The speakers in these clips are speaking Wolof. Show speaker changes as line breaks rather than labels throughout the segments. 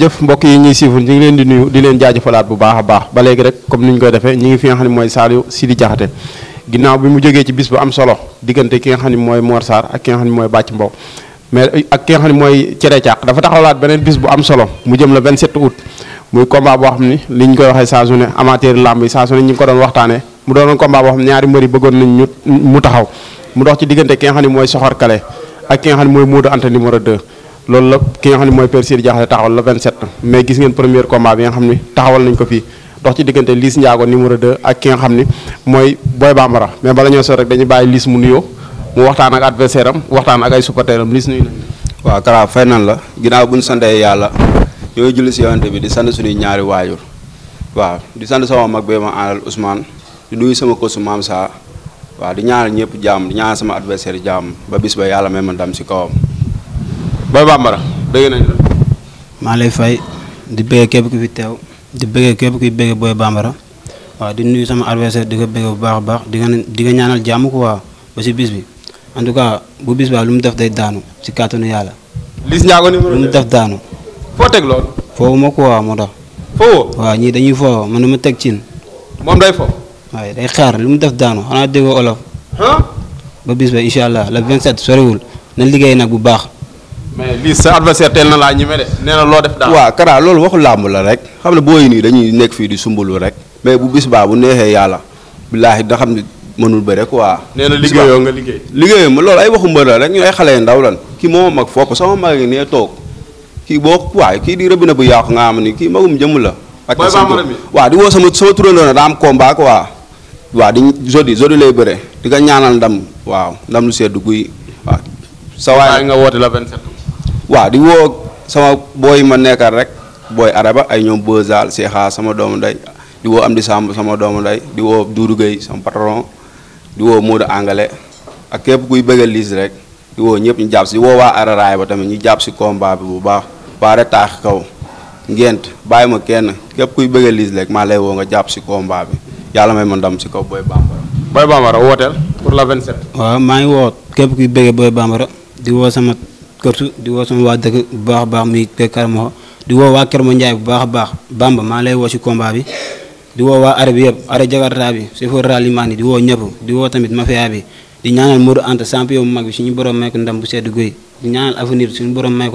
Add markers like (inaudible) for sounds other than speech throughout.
jëf mbokk yi ñuy siiful ñu ngi leen di nuyu di leen jaajëfalaat bu baax baax ba léegi rek comme ni ñu koy defee ñu ngi fi nga xam ne mooy Saliou Sidi Diakhaté ginnaaw bi mu jógee ci bis bu am solo diggante ki nga xam ne mooy Mor ak ki nga xam ne mooy Bàcc Mbow mais ak ki nga xam ne mooy Cere Càq dafa taxawalaat beneen bis bu am solo mu jëm le 27 août muy combat boo xam ne li ñu koy waxee saa su ne amateur lamb yi saa ne ñu ko doon waxtaanee mu doonoon combat boo ñaari mbër yi bëggoon nañ ñu mu taxaw mu dox ci digënté ki nga xamni moy soxor kale ak ki nga xamni moy Modou Anta numéro 2 loolu la ki nga xamni moy Père sir jaxal taxawal la 27 mais gis ngeen premier combat bi nga xamni taxawal nañ ko fi dox ci digënté Liss Ndiago numéro 2 ak ki nga xamni moy Boy Bambara mais bala ñoo so rek dañuy bayyi Liss mu nuyo mu waxtaan ak adversaire am waxtaan ak ay supporter am Liss nuyu nañ wa Kara fay nan la ginaaw buñu ñu santee yàlla ñooy julli si bi di sant suñu ñaari wayur wa di sant sama mag be ma andal Ousmane di nuyu sama ko su mam sa waaw di ñaanal ñëpp jàmm di ñaanal sama adversaire jàmm ba bis ba yàlla may ma ndam si kawam. Boy
Bambara maa lay fay di bëggee képp ku fi teew di bëggee képp kuy bëggee Boy Bambara waaw di nuyu sama adversaire di ko bëggee bu baax a baax di nga di ñaanal jàmm quoi ba si bis bi en tout cas bu bis ba lu mu def day daanu si kàttanu yàlla. Liss Ndiago numéro lu mu def daanu. foo teg loolu. foofu ma quoi moo tax. foo. waaw ñii dañuy foo man ma teg cin. moom day foo. waaye day xaar lu mu def daanu xanaa déggoo olof. ba bis ba incha allah le 27 soriwul na liggéey nag bu baax.
mais lii sa adversaire teel na laa ñeme de
nee na loo def daal. waaw
Kara loolu waxu làmb la rek xam ne booy nii dañuy nekk fii di sumbulu rek mais bu bis baa bu neexee yàlla billaahi da xam ne mënul bëre quoi. nee na liggéeyoo nga liggéey. liggéeyoo ma loolu ay waxu mbër la rek ñu ay xale ndaw lan kii moo mag sama mag yi nee toog kii boo kii di rëbbi bu yàqu nga am ni kii magum jëmm la. ak sama waaw di woo sama sama na daa am combat quoi. waaw di jodi jodi lay bëre di ko ñaanal ndam waaw ndam lu seddu guy waaw. sa nga woote la waaw di woo sama booy ma nekkal rek booy araba ay ñoom Bozal Seexa sama doomu ndey di woo di Samb sama doomu ndey di woo Doudou Gueye sama patron di woo Modou Angale ak képp kuy bëgg liis rek di woo ñëpp ñu jàpp si di woo waa araraay ba tamit ñu jàpp si combat bi bu baax baare taax kaw ngent bàyyi ma kenn képp kuy bëgg liis rek maa lay woo nga jàpp si combat bi. yàlla may ma ndam si kaw Boy Bambara.
Boy Bambara wooteel pour la 27. waaw maa ngi woo képp kuy bëggee Boy Bambara di woo sama kërtu di woo sama waa dëkk bu baax a baax muy Karamo di woo waa Kermo Ndiaye bu baax a baax Bamba maa lay woo si combat bi di woo waa arab yëpp arab jakarta bi sifo ralliman yi di woo ñëpp di woo tamit mafia di ñaanal Modou Anta champion bu mag bi suñu borom may ko ndam bu sedd guy di ñaanal avenir suñu borom may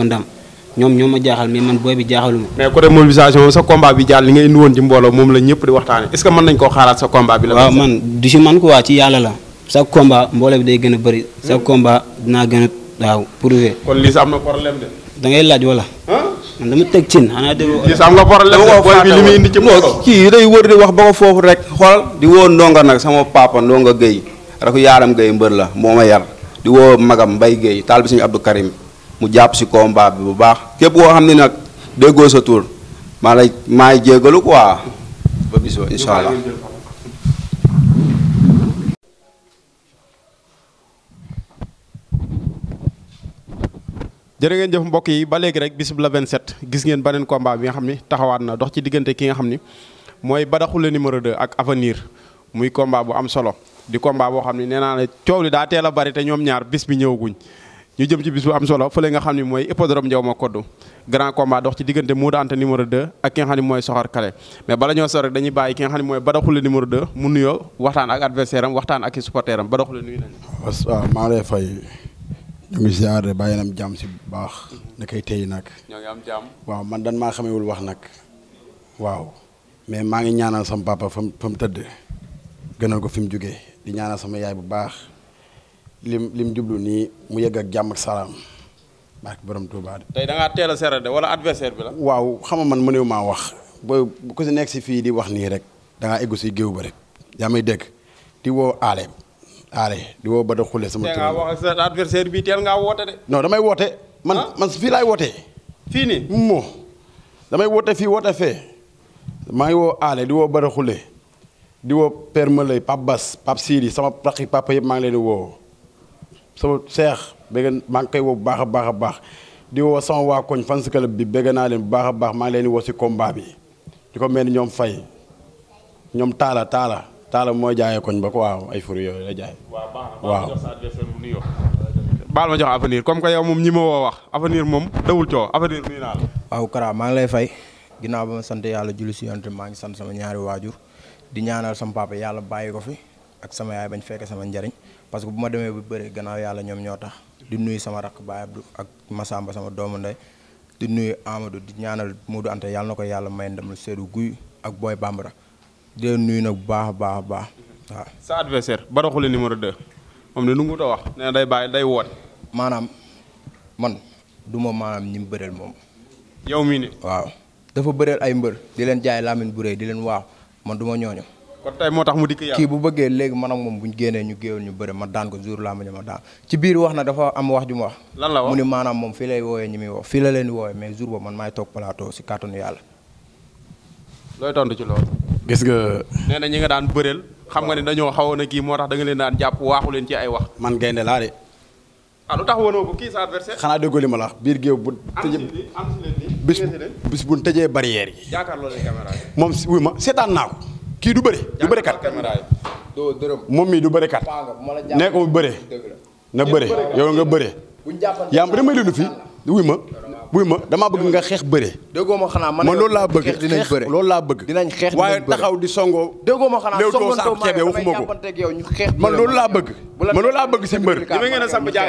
ñoom ñoo ma jaaxal mais man booy bi jaaxaluma. mais côté
mobilisation sa combat bi jaar li nga indi woon ci mbooloo
moom la ñëpp di waxtaane est ce que mën nañ koo xaaraat sa combat bi. la waaw la. sa combat mbooloo day gën a bëri. sa hmm? combat dinaa a waaw prouver. kon lii sa am na problème da ngay laaj wala. man dama teg cin xanaa déggoo. lii sa am nga problème de booy bi li muy indi ci mbooloo
kii day wër di wax ba foofu rek xool di woo ndonga nag sama papa ndonga Guèye rek yaaram Guèye mbër la moo ma yar di woo magam Mbaye Guèye taal bi suñu Abdou Karim mu jàpp si combat bi bu baax képp koo xam ne nag déggoo sa tur maa lay maay jéggalu quoi ba bisoo incha mbokk yi ba léegi rek bisub la 27 gis ngeen beneen combat bi nga xam ni taxawaat na dox ci diggante ki nga xam ni mooy Badaxule numéro 2 ak avenir muy combat bu am solo di komba boo xam ni nee naa ne coow li daa teel a bari te ñoom ñaar bis bi ñëwaguñ. ñu jëm ci bis bu am solo fële nga xam ne mooy hippodrome Ndiaw ma koddu grand combat dox ci diggante Modou Anta numéro 2 ak ki nga xam ne mooy Soxar Kale mais bala ñoo sor rek dañuy bàyyi ki xam ne mooy Badaxule numéro 2 mu nuyoo waxtaan ak adversaire am waxtaan ak i supporter Badaxule nuyu nañ maa lay fay ñu ngi ziare bàyyi nam jàmm si bu baax da koy téy nag ñoo ngi am jàmm waaw man dan maa xamewul wax nag waaw mais maa ngi ñaanal sam papa fa mu fa tëdd gënal ko fi mu di ñaanal sama yaay bu baax lim lim jublu nii mu yegg ak jàmm ak salaam barke borom Touba. tey da ngaa teel a de wala adversaire bi la. waaw xam ma man ne maa wax ba ku si nekk si fii di wax nii rek da eggu si géew ba rek yaa may dégg woo aale aale di woo ba da xule teel ngaa woote de. non damay woote. man ah? man fii laay wootee. fii nii moo damay woote fii woote fee maa ngi woo aale di woo ba da di woo Père Malay Pape Bas Pape Sidi sama rakki papa yëpp maa ngi leen di woo. soo seex bëgg maa ngi koy woo bu baax a baax a baax di woo sama waa koñ fans club bi bëgg naa leen bu baax a baax maa ngi leen di woo si combat bi di ko mel ni ñoom fay ñoom taala taala taala mooy jaayee koñ ba ko waaw ay furi yooyu la jaay waaw baal ma jox avenir comme que yow moom ñi ma woo wax avenir moom dawul coow avenir nuyu naa la waaw Kara maa ngi lay fay ginnaaw ba ma sant yàlla julli si yonte maa ngi sant sama ñaari waajur di ñaanal sama papa yàlla bàyyi ko fi ak sama yaay bañ féké sama ndariñ parce que buma démé bu béré gannaaw yalla ñom ñoo tax di nuyu sama rak baay Abdou ak Massamba sama doomu nday di nuyu Amadou di ñaanal Modou anté yalla nako yalla may ndam lu ak Boy Bambara di nuyu nak baax baax baax sa adversaire Baraxule numéro 2 mom né nu mu wax né day baay day woote. manam man duma manam ñim bëreel yow mi nii. waaw dafa bëreel ay mbeur di len jaay lamine bu di len waaw man duma kon tey moo tax mu dikk yàlla kii bu bëggee léegi man ak moom bu ñu génnee ñu géewal ñu bëri ma daan ko jour laa ma ñu ma daan ci biir wax na dafa am wax ju ma wax. lan la wax mu ni maanaam moom fii lay wooyee ñi muy wax fii la leen di wooyee mais jour boobu man maay toog plateau si kàttanu yàlla. looy tontu ci loolu. gis nga. nee na ñi nga daan bëreel. xam nga ne dañoo xawoon na kii moo tax da nga leen daan jàpp waaxu leen ci ay wax. man gaynde laa de. ah lu tax woonoo ko kii sa adversaire. xanaa déggoo li ma la wax biir géew bu. tëjee bis bis bu ñu tëjee barrière yi. jàkkaarloo leen caméra moom si wuy ma seetaan naa ko kii du bëri du bëri kat moom mii du bëri kat nee ko mu bëre na bëre yow nga bëre yaa ma damay dund fii wuy ma wuy ma damaa bëgg nga xeex bëre. xanaa man loolu laa bëgg dinañ bëre loolu laa xeex waaye taxaw di songoo déggoo ma xanaa léew too saaku ceebee waxuma ko man loolu laa bëgg man loolu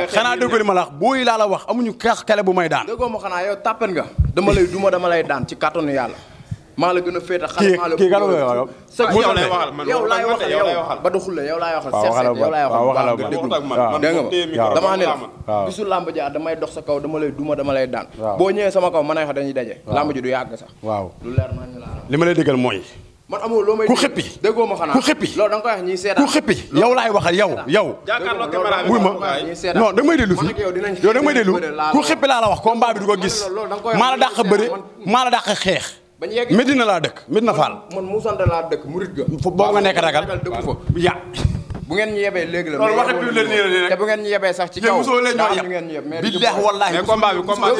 xanaa déggoo li ma la wax booy laa la wax amuñu xeex kale bu may daan ma xanaa yow tàppen nga dama lay duma daan ci kàttanu yàlla maa la gën a féete xale maa la. kii kan la ma sax yow laay ba doxul la yow laay waxal. waaw waxal yow laay waxal waaw nga déglu dégg nga la. bisu làmb damay dox sa kaw dama lay duma dama lay daan. boo ñëwee sama kaw mën a dañuy daje. làmb ji du yàgg sax. waaw lu ma lay déggal mooy. man amul loo may ku xëppi déggoo ma da nga koy wax ñiy seetaan ku xëppi yow yow yow wuy ma non da nga may déglu fii yow da nga may déglu ku xëppi laa la wax combat bi du ko gis maa la dàq bëre maa la dàq xeex bañ yegg Medina laa dëkk Medina Fall. man Moussante laa dëkk Mouride ga. boo nga nekk ragal dëkk fa ya bu ngeen ñu yebee léegi la. loolu waxtu bi la nii te bu ngeen ñu yebee sax ci kaw. yéen ngeen ñoo yeb mais billahi wallahi mais combat bi combat bi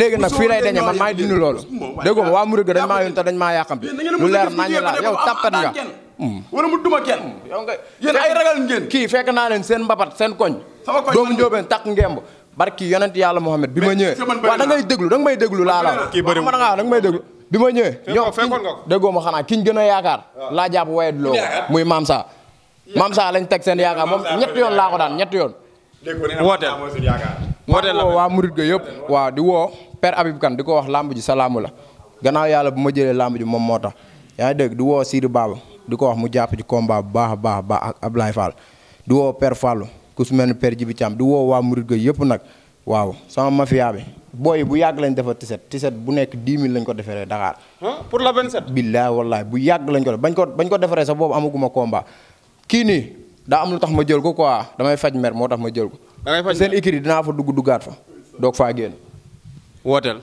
léegi man maa ngi loolu. déggoo ma waa Mouride ga dañ maa yoon dañ maa yàqamti. lu leer nañu la yow tappat nga. Mm. wala mm. kii fekk naa leen seen seen koñ. sama koñ doomu njóobeen takk ngemb barki yonent yàlla Mohamed bi ma ñëwee. waaw da ngay déglu may déglu laa bi ma ñëwee. ñoo fekkoon nga ko ma xanaa ki ñu gën a yaakaar. Ah. laa jàpp waaye du loo muy Maam Sa. Maam Sa lañ teg seen yaakaar moom ñetti yoon laa ko daan ñetti yoon. wooteel wooteel la waa murit yëpp waaw di woo Père Habib Kane di ko wax lamb ji sa la gannaaw yàlla bu ma jëlee lamb ji moom moo tax yaa dégg di woo Sidi Baba di ko wax mu jàpp ci combat bu baax a baax a baax ak Ablaye Fall di woo Père Fallou ku su mel ni Père Djibi Thiam di woo waa murit ga yëpp nag waaw sama mafia bi booy bu yàgg lañ defar tiset tiset bu nekk 10 000 lañ ko defaree Dakar. pour la 27. billaay wallaay bu yàgg lañ ko def bañ ko bañ ko defaree sax boobu amaguma combat kii nii daa am lu tax ma jël ko quoi damay faj mer moo tax ma jël ko. seen écrit dinaa fa dugg duggaat fa doog faa génn.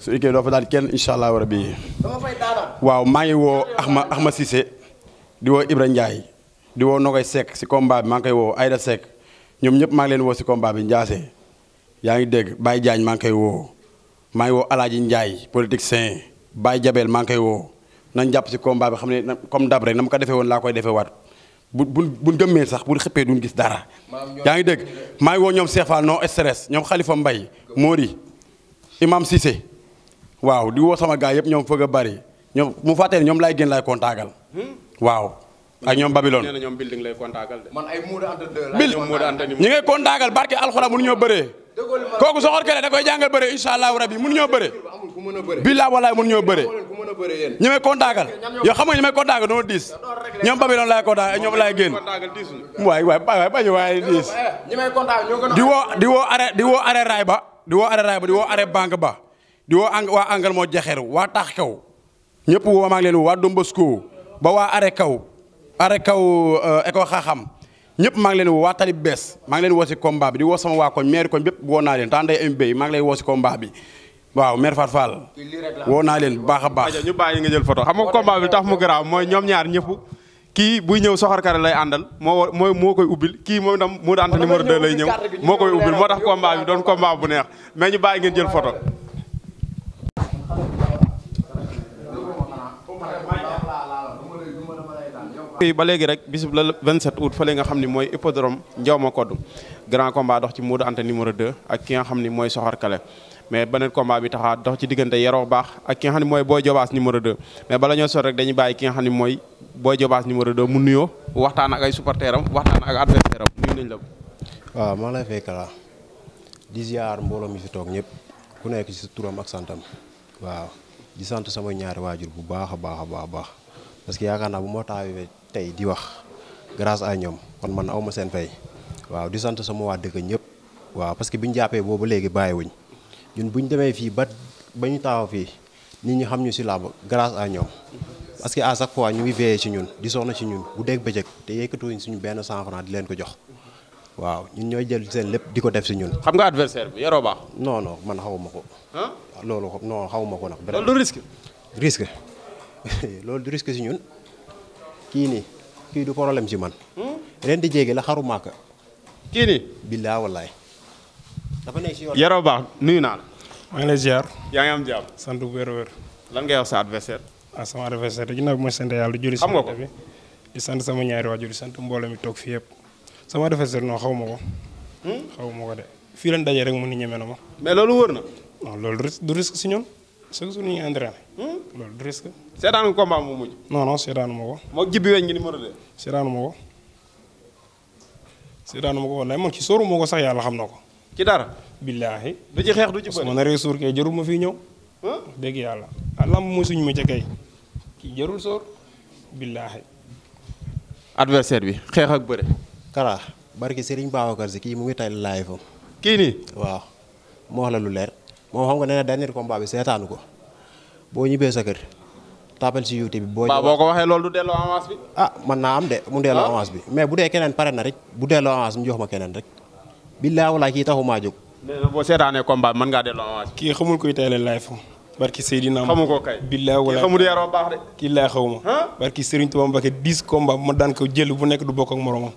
su écrit doo fa daal kenn incha allah rabi. dama fay waaw maa ngi woo ax ma ax ma Cissé di woo Ibra Ndiaye di woo Nogoy Seck si combat bi maa ngi koy woo Aïda Seck ñoom ñëpp maa ngi leen woo si combat bi Ndiassé yaa ngi dégg Baye Diagne maa ngi koy woo maa ngi woo Alaaji Ndiaye politicien Baye Jabel maa ngi koy woo nañ jàpp si combat bi xam ne na comme dab rek na ma ko defee woon laa koy defee waat bu bu bu gëmmee sax bu xëppee duñ gis dara. yaa ngi dégg maa ngi woo ñoom seex Fall non stress ñoom Khalifa Mbaye Mori Imam Cissé waaw di woo sama gars yëpp ñoom fëgg a bari ñoom mu fàttee ñoom laay gën laay kontaagal waaw. ak ñoom Babylone nee ñoom building lay kontaagal de. man ay Moodu Anta de la ñoom Moodu Anta ñi ngay kontaagal barke alxuraan mënu ñoo bëree. kooku soxor kele da koy jàngal bëre incha allahu rabi mun ñoo bëre. billaa walaay mun ñoo bëre. ñi may kontaagal yow xam nga ñi may kontaagal dama diis ñoom Babylone laay kontaagal waay waay waay waay diis. di woo di raay ba di woo arrêt raay ba di woo arrêt banque ba di woo ang waa angal moo jaxeer waa taax kaw ñëpp woo maa ngi leen waa Dombasko ba waa arrêt kaw arrêt kaw éco euh, xaaxam ñépp maa ngi leen woo waa tali bees maa ngi leen woo si combat bi di woo sama waa koñ maire koñ bépp woo naa leen tanday MB maa ngi lay woo si combat bi waaw maire Fat Fall woo naa leen baax a baax ñu bàyyi nga jël photo xam nga combat bi tax mu garaaw mooy ñoom ñaar ñëpp kii buy ñëw soxorkare lay àndal moo mooy moo koy ubbil kii moom itam mu daan numéro 2 lay ñëw moo koy ubbil moo bi doon combat bu neex mais ñu bàyyi ngeen jël foto fi ba legui rek bisub la 27 août fële nga xamni moy hippodrome Ndiawma kodu grand combat dox ci Modou ante numéro 2 ak ki nga xamni moy mooy Kale mais benen combat bi taxa dox ci diggante yaro bax ak ki nga xamni moy Boy jobas numéro 2 mais bala ñoo sot rek dañuy bàyyi ki nga xamni moy Boy jobas numéro 2 mu nuyo waxtaan ak ay supporteram waxtaan ak adversaire ñu ñu la wa ma lay fekk kala di ziar mbooloo mi fi tok ñep ku nekk ci touram ak santam wa di sante sama ñaar wajur bu baaxa baaxa baax parce que yaaka na bu mo taawee tay di wax grâce à ñom kon man awma sen fay waaw di sante sama wa deug ñep waaw parce que buñu jappé bobu légui bayé wuñ ñun bu démé fi ba bañu ñu fi nit ñi xam ñu si làmb grâce à ñom parce que à chaque fois ñu ngi veillé ci ñun di soxna ci ñun bu dégg bëjëk té te ñu suñu benn 100 francs di leen ko jox waaw ñun ñoy jël sen lépp diko def ci ñun. xam nga adversaire bi yoroo ba non non man xawmako ko. lolu non xawmako nak lolu risque. risque lolu (laughs) risque ci ñun kini ki du problème ci man. Hmm? ren di jéegi la xaru màkk. kini billah wallahi dafa nekk ci yoro yaroo baax nuyu na la. maa ngi lay ziar. ya ngi am diam sant wër wër lan ngay wax sa adversaire. ah sama adversaire ginnaaw bi ma sant yàlla di julli. xam nga ko di sant sama ñaari waajur di sant mbooloo mi toog fii yëpp. sama adversaire no xaw ko. hmm ma ko de fi lañ dajé rek mu ni ñeme na ma. mais lolu wër na. non loolu du risque ci ñun. chaque jour ñu entraîné. seetaan nga combat mu mujj. non non ko. moo jibbi weñ ngi numéro 2. seetaanu ko. seetaanu ko wallaay man ci sóoru moo ko sax yàlla xam na ko. ci dara. billaahi. du ci xeex du ci bëri ma naree sóor dégg yàlla ah lamb mooy suñu billaahi. adversaire bi xeex ak bëre. Kara barki Serigne Babacar si kii mu ngi tay live kii nii waaw. moo wax la lu leer. moom xam nga nee na dernier combat bi seetaanu ko boo ñibbee sa kër tapal si YouTube bi. boo ñëwaat boo ko waxee loolu du delloo avance bi. ah man naa am de mu delloo ah? avance bi mais bu dee keneen pare na rek bu delloo avance mu jox ma keneen rek billaa wala kii taxu maa jóg. nee na boo seetaanee combat bi mën ngaa delloo avance. kii xamul kuy teel a laay fa. barki Seydina xamu ko kii xamul yaroo baax de. kii laa xaw ma. barki Serigne Touba Mbacké 10 combat ma daan ko jël bu nekk du bokk ak moromam.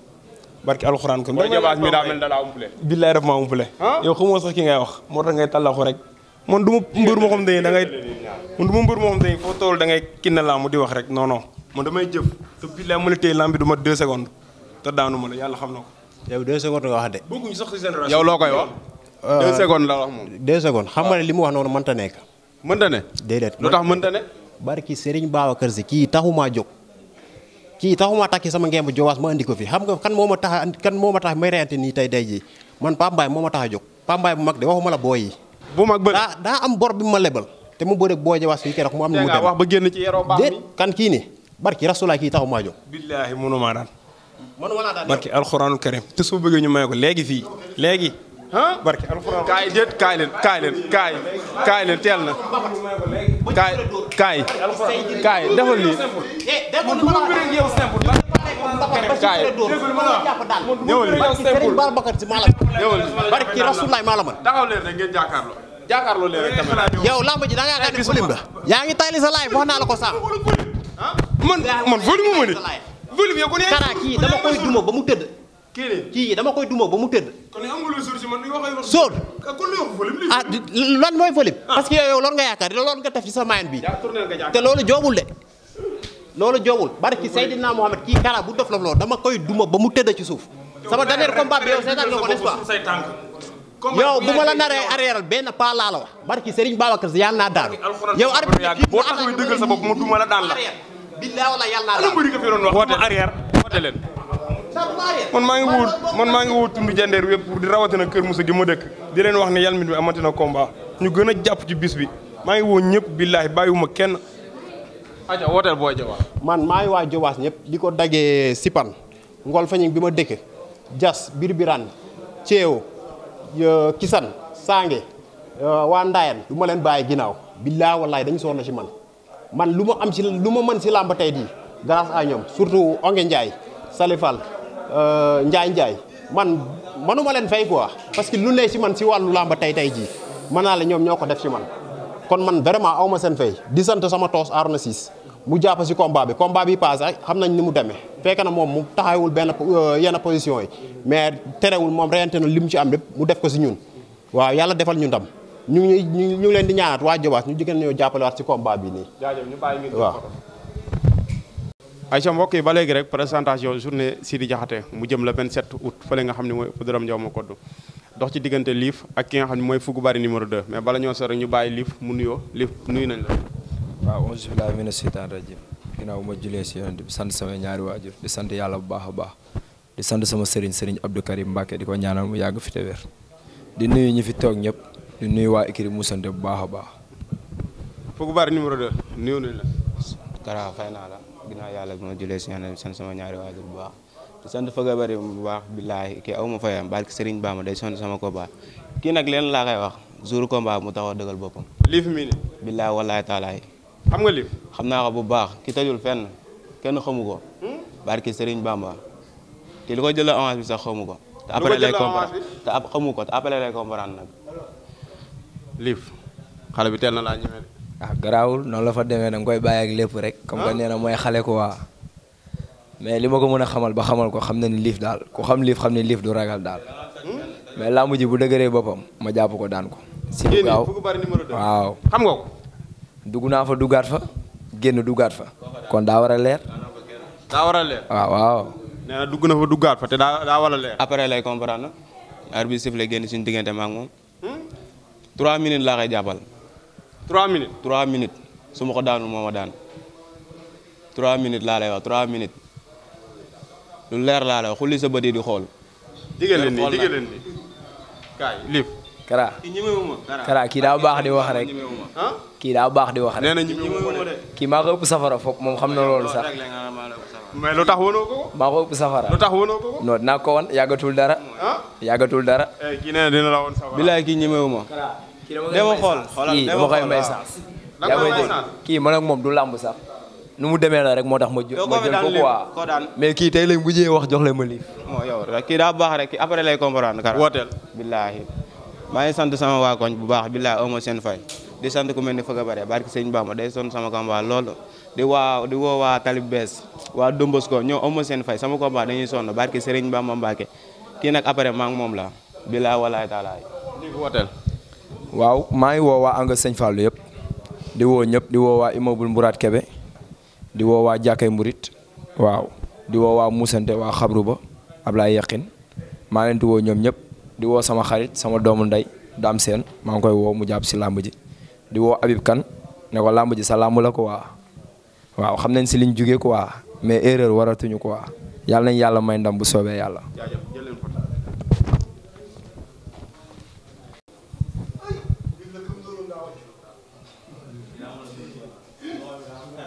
barki alxuraan kon. mooy jabaas mi daa mel da laa billaay daf maa umpule. yow xamoo sax ki ngay wax moo tax ngay tallaxu rek. man du ma moo xam ne da ngay man du ma da ngay kinna laamu di wax rek non non man damay jëf te billaay mu la téye lamb bi la yàlla xam na ko. yow deux secondes nga wax de. bëgguñu sax si seen rajo. yow loo koy wax. Euh, deux secondes la wax moom. deux secondes xam nga ne ah. li mu wax noonu mënta nekk. mënta ne. déedéet lu tax mënta ne. barki Serigne Babacar Si kii taxumaa jóg kii taxuma takki sama ngemb jowaas ma andi ko fi xam nga kan moo ma tax a kan moo ma tax may reyante nii tey day ji man Pape Mbaye moo ma tax a jóg Pape Mbaye bu mag de waxuma la booy daa daa am bor bi ma lebal te mu bëre booy jowaas fii keroog mu am. mu demee wax ba génn ci yeroo baax mi kan kii ni barki rasulaay kii taxumaa jóg. billaahi mënuma daan. mënuma laa daan barki alxuraanul karim te su bëggee ñu may ko léegi fii léegi ah barke alxuraan kaay déet kaay leen kaay leen kaay kaay kaay kaay
kaay defal nii eh,
kaay ñëwal nii Babacar Si maa la ñëwal man taxaw leen rek ngeen jàkkaarloo jàkkaarloo leen da ngaa yaakaar ne volume la yaa ngi tayli sa laay wax naa la ko sànq man volume mu ma kii dama koy duma ba mu tëdd kii dama koy duma ba mu tëdd. kon am nga sóor si man sóor. Ah, ah lan mooy volume. Ah. parce que yow loolu nga yaakaar loolu nga taf ci sa mayan bi te loolu joobul de. loolu joobul barki Seydina Mohamed kii kala bu dof la loolu dama koy duma ba mu tëdd ci suuf. sama dernier combat bi yow seetaan nga ko n'est-ce pas. yow bu ma la naree arrière benn pas laa la wax barki Serigne Babacar Sy yàlla naa daanu. yow arbitre boo taxawee dëggal sa bopp mu duma la daan la. billaay wala yàlla naa daanu. woote arrière woote leen.
man maa ngi wut man maa ngi wut
tund jandeer wépp pour di rawatina Kër Moussa gi ma dëkk di leen wax ne Yal Mbine bi amati na ñu gën a jàpp ci bis bi maa ngi woo ñëpp billaahi bàyyiwuma kenn. aja wooteel booy Jobaas. man maa ngi waa Jobaas ñëpp di ko daggee Sipan ngool Fañing bi ma dëkk Jas Birbiraan Ceew Kisan Sange waa Ndaayan du ma leen bàyyi ginnaaw billaahi wallaahi dañu soxla ci man man lu ma am ci lu ma mën ci làmb tey di grâce à ñoom surtout Onge Ndiaye Euh, njaay njaay man manuma leen fay quoi parce que lu ne si man si wàllu làmba tey tey jii mën naa la ñoom ñoo ko def si man kon man vraiment awma seen fay di sant sama toos Arona Ciss mu jàpp si combat bi combat bi passé xam nañ ni mu demee fekke na moom mu taxawul benn euh, yenn position yi mais terewul moom reyante na li mu ci am lépp mu def ko si ñun waaw yàlla defal ñu ndam ñu ngi ñu ngi leen di ñaanat waa Jobaas ñu jigéen ñoo jàppalewaat ci combat bi nii. Aïcha mbokk yi ba léegi rek présentation journée Sidi Diakhaté mu jëm le 27 août fële nga xam ne mooy Podrom Ndiaw ma koddu dox ci diggante Liif ak ki nga xam ne mooy Fugu Bari numéro de mais bala ñoo sore ñu bàyyi Liif mu nuyoo Liif nuyu nañ
la waaw auzu billaahi mina seytaan rajim ginnaaw ma julee si yonent bi sant ñaari waajur di sant yàlla bu baax a baax di sant sama sëriñ sëriñ Abdou Karim Mbacke di ko ñaanal mu yàgg fi te wér di nuyu ñi fi toog ñëpp di nuyu waa écurie Moussante bu baax a baax
Fugu Bari numéro 2 nuyu nañ la. Kara fay naa la. ginnaaw
yàlla bi ma julee si ñaan sant sama ñaari waajur bu baax te sant faga bëri bu baax billaahi kii aw ma fayam barke Sëriñ Bamba day sant sama combat kii nag leen laa koy wax jour combat mu taxaw dëggal boppam
liif mi ni billaahi wallaahi taalaay xam nga liif xam naa ko bu baax ki tajul fenn kenn xamu ko hmm? barke Sëriñ Bamba kii li ko jël avance bi sax xamu ko te après lay comprendre nag liif xale bi teel na laa ñemee
ah garaawul noonu la fa demee da nga koy bàyyi ak lépp rek. comme que ah. nee na mooy xale ko waa mais li ma ko mën a xamal ba xamal ko xam na ni liif daal ku xam liif xam ne liif du ragal daal hmm? mais laa ji bu dëgëree boppam ma jàpp ko daan ko. si gaaw waaw. xam nga ko. dugg naa fa duggaat fa génn duggaat fa kon daa war a leer.
daa war a waaw waaw. dugg na fa duggaat fa te daa war a leer. après lay comprendre. arbitre sifflé génn suñu diggante ma ak moom. 3 hmm? minutes laa koy 3 minutes 3 minutes su ma ko daanul moo ma daan 3 minutes laa lay wax minutes lu leer laa lay wax xulli sa bët yi di xool. digal Kara Kara kii daa baax di wax rek
kii daa baax di wax rek kii maa ko ëpp safara foog moom xam na loolu sax mais lu tax wanoo ko maa ko safara lu tax wanoo ko non dinaa ko wan dara yàggatul dara eh, kii nee na ma dama xool xoolal dama koy may sax yaa may dégg kii man ak moom du làmb sax nu mu demee la rek moo tax ma jël ma jël ko quoi mais kii tey lañ bu jëyee wax jox leen ma
liif moo yow rek kii daa baax rek kii après lay comprendre kar wooteel billaahi maa ngi sant sama waa koñ bu baax billaahi aw ma seen fay di sant ku mel ni fëgg a bare barki sëñ Bamba day sonn sama combat loolu di waa di woo waa talib bees
waa Dombosko ñoo aw ma seen fay sama combat dañuy sonn barki sëriñ Bamba Mbàkke kii nag après maa ngi moom la billaahi wallaahi taala yi wooteel
waaw maa ngi woo waa Angle Sëñ Fallou yëpp di woo ñëpp di woo waa immeuble Mbourad Kébé di woo waa Jàkkay Mburit waaw di woo waa Moussante waa Xabru ba Ablaye Yaqin maa leen di woo ñoom ñëpp di woo sama xarit sama doomu ndey Dame Sène maa ngi koy woo mu jàpp si làmb ji di woo Habib kan ne ko làmb ji sa làmb la waa waaw xam nañ si liñ jugee waa mais erreur waratuñu quoi yàlla nañ yàlla may ndam bu soobee yàlla.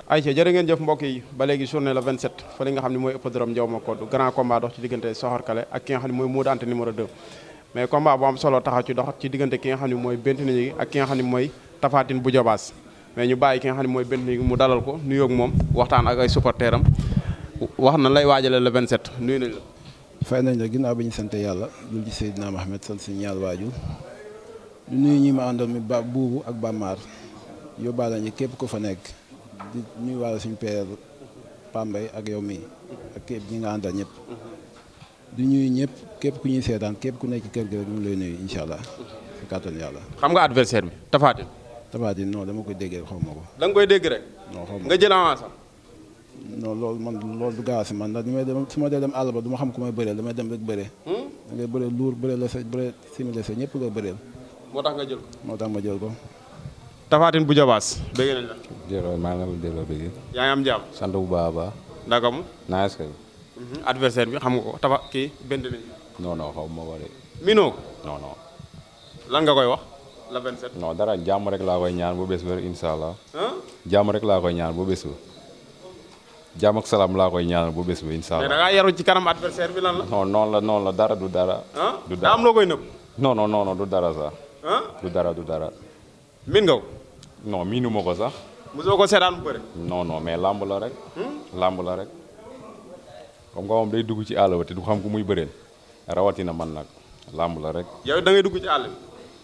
ay ayca jërë ngeen jëf mbokk yi ba léegi journée la 27 fa li nga xam ne mooy hippodrome Ndiaw Macodou grand combat dox ci diggante Soxorkale ak ki xam ne mooy Modou Anta numéro 2 mais combat xam ne mooy Bent bu Jobaas mais ñu bàyyi ki xam ne mooy Bent Ningi mu dalal ko nuyoog moom waxtaan ak ay supporteram wax na lay waajale le 27 nuyu nañ la
fay nañ la ginnaaw bi ñu sant yàlla jul ci Seydina Mohamed sant suñu ñaar waajur du nuyu ñi ma àndal mi ba buubu ak bàmmaar yóbbaale ñi képp ku fa nekk di ñuy waale suñu père Pambay ak yow mii ak képp ñi nga àndal ñëpp di ñuy ñëpp képp ku ñuy seetaan képp ku nekk ci kër gi rek ñu lay nuyu incha allah si kàttan yàlla. xam nga adversaire bi Tapha yi Tapha dama koy dégg rek xaw ma ko.
da nga koy dégg rek. non xaw
loolu man loolu du gaa si man ndax ni may dem su ma dee dem àll ba du ma xam ku may bëree damay dem rek bëree. Hmm? da ngay bëree luur bëree la sa bëree simile sa ñëpp nga bëreel. moo tax nga moo tax ma jël ko.
Tafaatine bu Jabaas maa ngi leen di delloo bëgg. yaa ngi am jàmm. sant bu baax a baax. naka mu. naa est bi xam nga ko tafa kii benn nañ. ko lan nga koy wax. la 27. non rek laa koy ñaan bu bés ba incha jàmm rek laa koy ñaan bu bés ba. jàmm ak salaam laa koy ñaanal bu bés ba incha ci kanam adversaire la. non noonu la noonu la dara du dara. du daa loo koy nëb. non non du dara sax. du dara du dara. min nga ko. non miinu ma ko sax. soo ko seetaan mu bëre. non mais làmb la rek. Hmm? làmb la rek comme que day dugg ci àll ba te du xam ku muy bëreel rawatina man nag làmb la rek. yow da ngay dugg ci àll bi.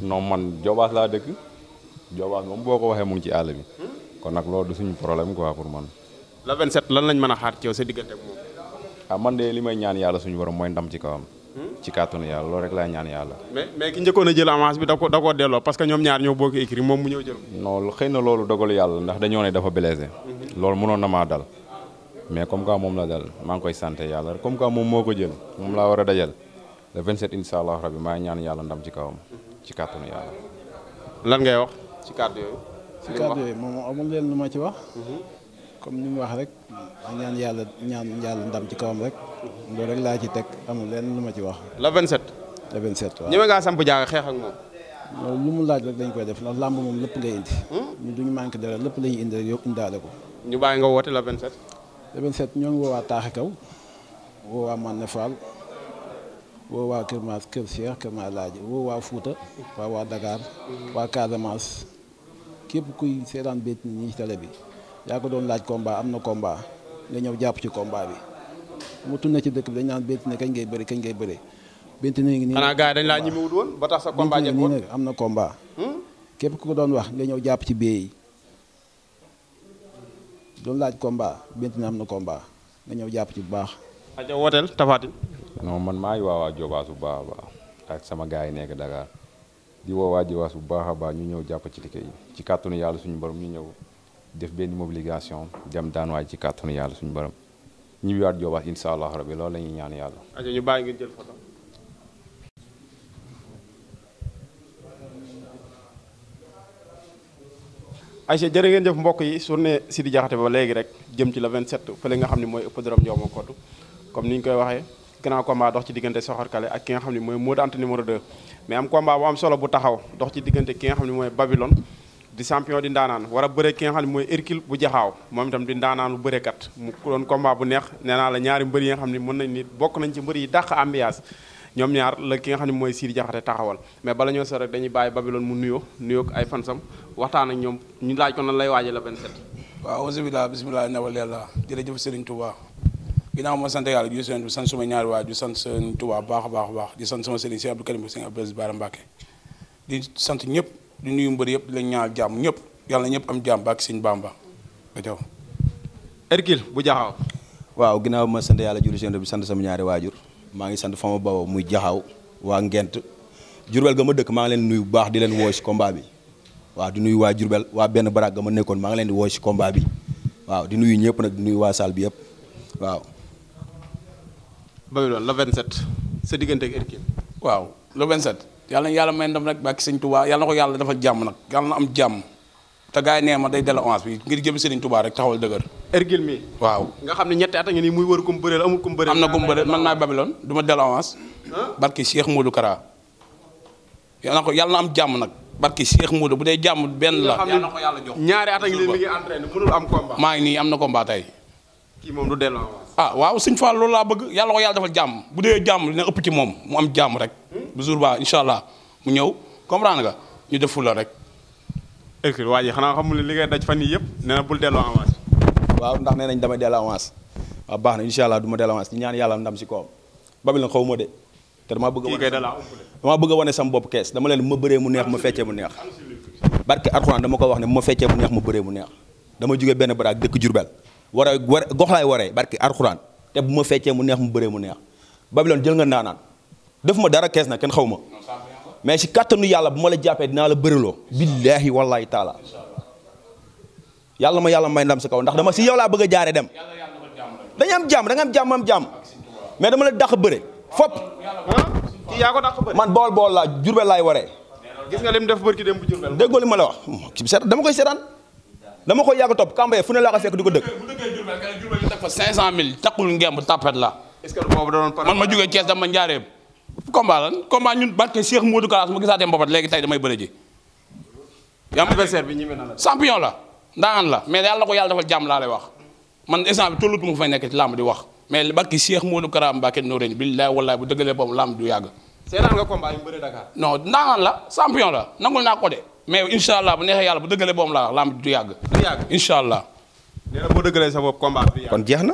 non man Jobaas laa dëkk Jobaas moom boo ko waxee mu ci àll bi. Hmm? kon nag loolu du suñu problème ko pour man. la 27 lan lañ mën a xaar ci yow sa diggante ak ah man de li may ñaan yàlla suñu borom mooy ndam ci kawam. ci kàttanu yàlla loolu rek laa ñaan yàlla. mais mais ki njëkkoon a jël avance bi da ko da koo delloo ñoom ñaar ñoo bokk écrit moom mu ñëw jël. non xëy na loolu dogalu yàlla ndax dañoo ne dafa blessé. Mhm. loolu mënoon na dal. mais comme que moom la dal maa ngi koy sant yàlla comme que moom moo ko jël moom laa war a dajal le 27 incha allah rabi maa ñaan yàlla ndam ci kawam ci kàttanu yàlla. lan ngay wax ci kàddu yooyu.
moom amul leen lu ma ci wax. Mhm. comme ni mu wax rek ñaan yàlla ñaan yàlla ndam ci kawam rek loolu rek laa ci teg amul leen lu ma ci wax. le 27. le 27 waaw ñeme ngaa
samp jaaga xeex ak moom.
lu mu laaj rek dañ koy def ndax làmb moom lépp ngay indi. Hmm? ñu duñu manqué dara lépp la ñuy indi rek yow indaale ko.
ñu bàyyi nga woote le 27.
le 27 ñoo ngi woowaa Taaxi Kaw woowaa Mané Fall woowaa Kër Maas Kër Cheikh Kër Maas Laaji woowaa Fouta waa waa Dakar hmm. waa Casamance képp kuy seetaan béet yaa ko doon laaj combat am combat nga ñew japp ci combat bi mu tunne ci dëkk bi dañ naan ne kañ ngay bëri kañ ngay bëri Béntine ngi nii xanaa gars yi dañ laa ñimewul woon ba tax sa combat jëm woon am combat hmm képp ku ko doon wax nga ñew japp ci bee doon laaj combat Béntine am amna combat nga ñew japp ci baax
aja hotel tafati non man maa ngi waawaa joobaas bu baax ak sama gaay yi nekk Dakar di wa joobaas bu baax ba ñu ñew japp ci liggéey ci kàttanu yalla suñu borom ñu ñew def benn mobilisation dem daan waay ci kàttanu yàlla suñu borom ñu waat joobaat incha allah rabbi loolu la ñuy ñaan yàlla. aywa ñu bàyyi ngeen jël photo. ayca jërë ngeen jëf mbokk yi journée Sidi Diakhaté ba léegi rek jëm ci la 27 fële nga xam ne mooy ëpp dorom Ndiobam Kodou comme ni ñu koy waxee grand combat dox ci diggante Soxor Kale ak ki nga xam ni mooy moo Anta numéro 2. mais am combat bu am solo bu taxaw dox ci diggante ki xam ni mooy Babylone. di champion di ndaanaan war a bëre ki nga xam ne mooy Hercule bu jaxaaw moom itam di ndaanaan lu bërekat mu doon combat bu neex nee naa la ñaari mbër yi nga xam ni mën nañ ni bokk nañ ci mbër yi dàq ambiance ñoom ñaar la ki nga xam ne mooy Sidi Jaxate taxawal mais bala ñoo sor rek dañuy bàyyi Babilone mu nuyoo nuyoo ay fansam waxtaan ak ñoom ñu laaj ko nan lay waaje la 27 waaw asibila bisimila nawal yàlla jërëjëf Serigne Touba ginnaaw ma sant yàlla ju seen sant suma ñaari waay ju sant Serigne Touba baax a baax baax di sant sama Serigne si Abdou Karim Serigne Abdou Bara Mbacké di sant ñëpp di nuyu mbër yëpp di leen ñaanal jàmm ñëpp yàlla ñëpp am jàmm ba ak Sëñ Bàmba ba jaw bu jaxaaw waaw ginnaaw ma sant yàlla julli seen bi sant sama ñaari waajur maa ngi sant fama baba muy jaxaw waa ngent jurbel ga ma dëkk maa ngi leen nuyu bu baax di leen woo si combat bi waaw di nuyu waa jurbel waa benn baraag ga ma nekkoon maa ngi leen di woo si bi waaw di nuyu ñëpp nag di nuyu waa salle bi yëpp waaw Babylone le 27 sa diggante ak Hercule waaw le 27 yàlla na yàlla may ndam nag bàkki sëñ Touba yàlla ko yàlla dafa jàmm nag yàlla na am jàmm te gars yi nee ma day delloo avance bi ngir jëm sëriñ Touba rek taxawal dëgër Erguel mi waaw nga xam ne ñetti at nga nii muy wër kum bëreel amul kum bëreel am na kum bëreel man maay Babylone du ma delloo avance barki Cheikh Modou Kara yàlla na ko yàlla na jàmm nag barki Cheikh Modou bu dee jàmm benn la yàlla yàlla jox ñaari at a ngi am combat maa ngi nii am na combat tey moom du delloo avance ah, waaw sëñ Fall laa bëgg yàlla ko yàlla dafa jàmm bu dee jàmm dina ëpp ci moom mu am jàmm rek hmm? bu jour ba incha allah mu ñëw comprendre ga ñu def fulla rek. est-ce que waa ji xanaa xamul li ngay daj fan nii yëpp nee bul delloo avance. waaw ndax nee nañ damay delloo avance waaw baax na incha allah du ma delloo avance ñaan yàlla ndam si kawam Babil xaw ma de. te damaa bëgg a wane damaa bëgg wane sama bopp kees dama leen ma bëree mu neex ma feccee mu neex. barke Alxuraan dama ko wax ne ma feccee mu neex mu bëree mu neex dama jóge benn baraag dëkk Jurbel war a war waree barke Alxuraan te bu ma feccee mu neex mu bëree mu neex Babilone jël nga naanaan def ma dara kess na ken xawma mais ci katanu yalla bu ma la jàppee dinaa la beurelo billahi wallahi taala yalla ma yalla may ndam si kaw ndax dama ci yow la bëgg jaaré dem dañu am jam, da nga am jam am jàmm mais dama la dakh bëre fop ci ya ko dakh bëre man bol bol la jurbel lay waré gis nga lim def bërki dem bu jurbel deggo li ma la wax seet dama koy seetaan dama koy yag top kambe fune ne laa ko fekk di ko dëkk bu dëggee jurbel jurbel ñu fa 500000 takul ngemb tapet la est-ce que bobu da non man ma jugé ci dama njaareem combat lan combat ñun barke Cheikh Modou Kalaas ma gisaatee mbabat léegi tey damay bëre ji. yaa am adversaire bi ñeme na la. champion la ndaanaan la mais yàlla ko yàlla defal jàmm laa lay wax man instant bi tollutu ma fay nekk ci làmb di wax mais barke Cheikh Modou Karaam Mbacké Noreyni billaahi wallaahi bu dëggalee boppam làmb du yàgg. seetaan nga combat yi mu bëre Dakar. non ndaanaan la champion la naa ko mais incha allah bu neexee yàlla bu dëggalee boppam laa làmb du yàgg. du yàgg incha allah. nee na boo dëggalee sa bopp combat kon jeex na.